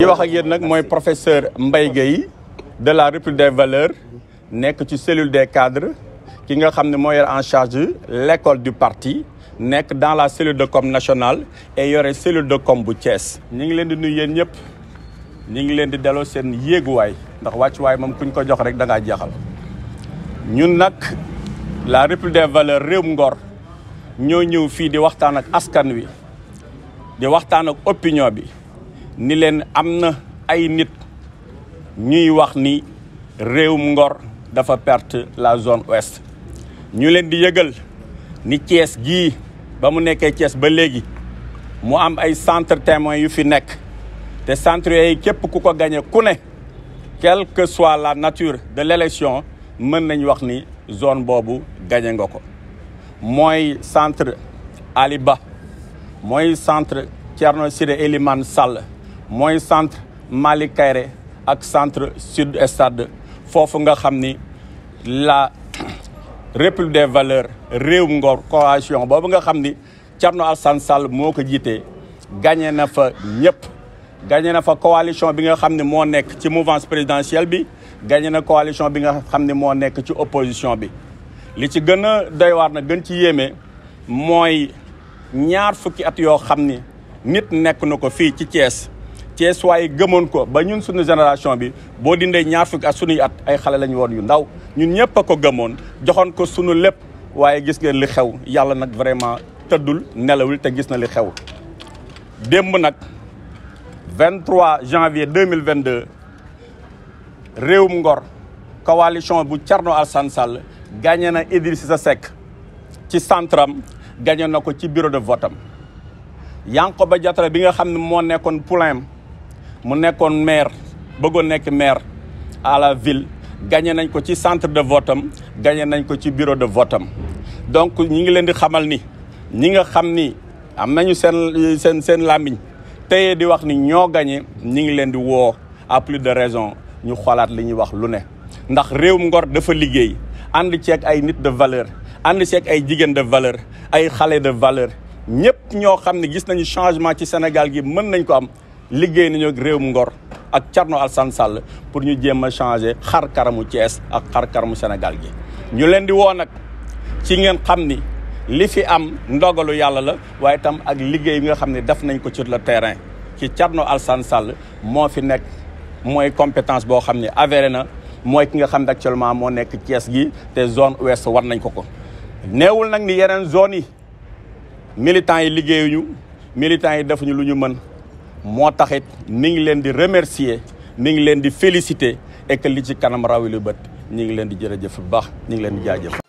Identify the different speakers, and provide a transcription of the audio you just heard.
Speaker 1: yi wax ak yéen nag mooy professeur Mbaye Guèye de la République des valeurs nekk ci cellule des cadre ki nga xam ne mooy yor en charge l'école du parti nekk dans la cellule de comme nationale et yore cellule de comme bu Thiès. ñu ngi leen di nuy yéen ñëpp ñu ngi leen di delloo seen yéeguwaay ndax wàccuwaay moom kuñ ko jox rek da ngaa jeexal ñun nag la République de valeurs réew ngor ñoo ñëw fii di waxtaan ak askan wi di waxtaan ak opinion bi. ni leen am na ay nit ñuy wax ni réewum Ngor dafa perte la zone ouest ñu leen di yëgal ni Thiès gi ba mu nekkee Thiès ba léegi mu am ay centre témoin yu fi nekk te centre yooyu képp ku ko gañe ku ne quelque que soit la nature de l'élection mën nañ wax ni zone boobu gañe nga ko mooy centre Ali mooy centre Thierno Siré Elimane Sall mooy centre Malick kayre ak centre Sud Stade foofu nga xam ni la république des valeur réew ngor coalition boobu nga xam ni Thierno Alassane Sall moo ko jiitee gagné na fa ñëpp gagné na fa coalition bi nga xam ne moo nekk ci mouvance présidentielle bi gagné na coalition bi nga xam ni moo nekk ci opposition bi li ci gën a doy na gën ci yéeme mooy ñaar fukki at yoo xam ni nit nekk na ko fii ci Thiès Thiès waaye gëmoon ko ba ñun suñu génération bi boo dindee ñaar fukki at suñuy at ay xale lañu woon yu ndaw ñun ñëpp a ko gëmoon joxoon ko sunu lépp waaye gis ngeen li xew yàlla nag vraiment tëddul li te gis na li xew démb nag 23 janvier 2022 réewum Ngor coalition bu Thierno Alassane Sall gagné na sa Seck ci centram gagné na ko ci bureau de vote am ba Diattara bi nga xam ne moo nekkoon poulain mu nekkoon maire bëggoon nekk maire à la ville gagné nañ ko ci centre de vote am gagné nañ ko ci bureau de vote am donc ñi ngi leen di xamal ni ñi nga xam ni am nañu seen seen seen làmmiñ tey di wax ni ñoo gañe ñi ngi leen di woo à plus de raison ñu xoolaat li ñuy wax lu ne ndax réewum Ngor dafa liggéey ànd ceeg ay nit de valeur ànd ceeg ay jigéen de valeur ay xale de valeur ñëpp ñoo xam ne gis nañu changement ci Sénégal gi mën nañ ko am liggéey nañu réew mu ngor ak Thierno Alassane Sall pour ñu jéem a changer xar karamu Thiès ak xar karamu Sénégal gi. ñu leen di woo nag ci ngeen xam ni li fi am ndogalu yàlla la waaye itam ak liggéey bi nga xam ne def nañ ko ci le terrain ci Thierno Alassane Sall moo fi nekk mooy compétence boo xam ne avéré na mooy ki nga xam ne actuellement moo nekk Thiès gi te zone ouest war nañ ko ko. neewul nag ni yeneen zone yi militants yi liggéeyuñu militants yi defuñu lu ñu mën. moo taxit ni ngi leen di remercier ni ngi leen di féliciter et que ci kanam rawi lu bët ñi ngi leen di jërëjëf bu baax ñi ngi leen di jaajëf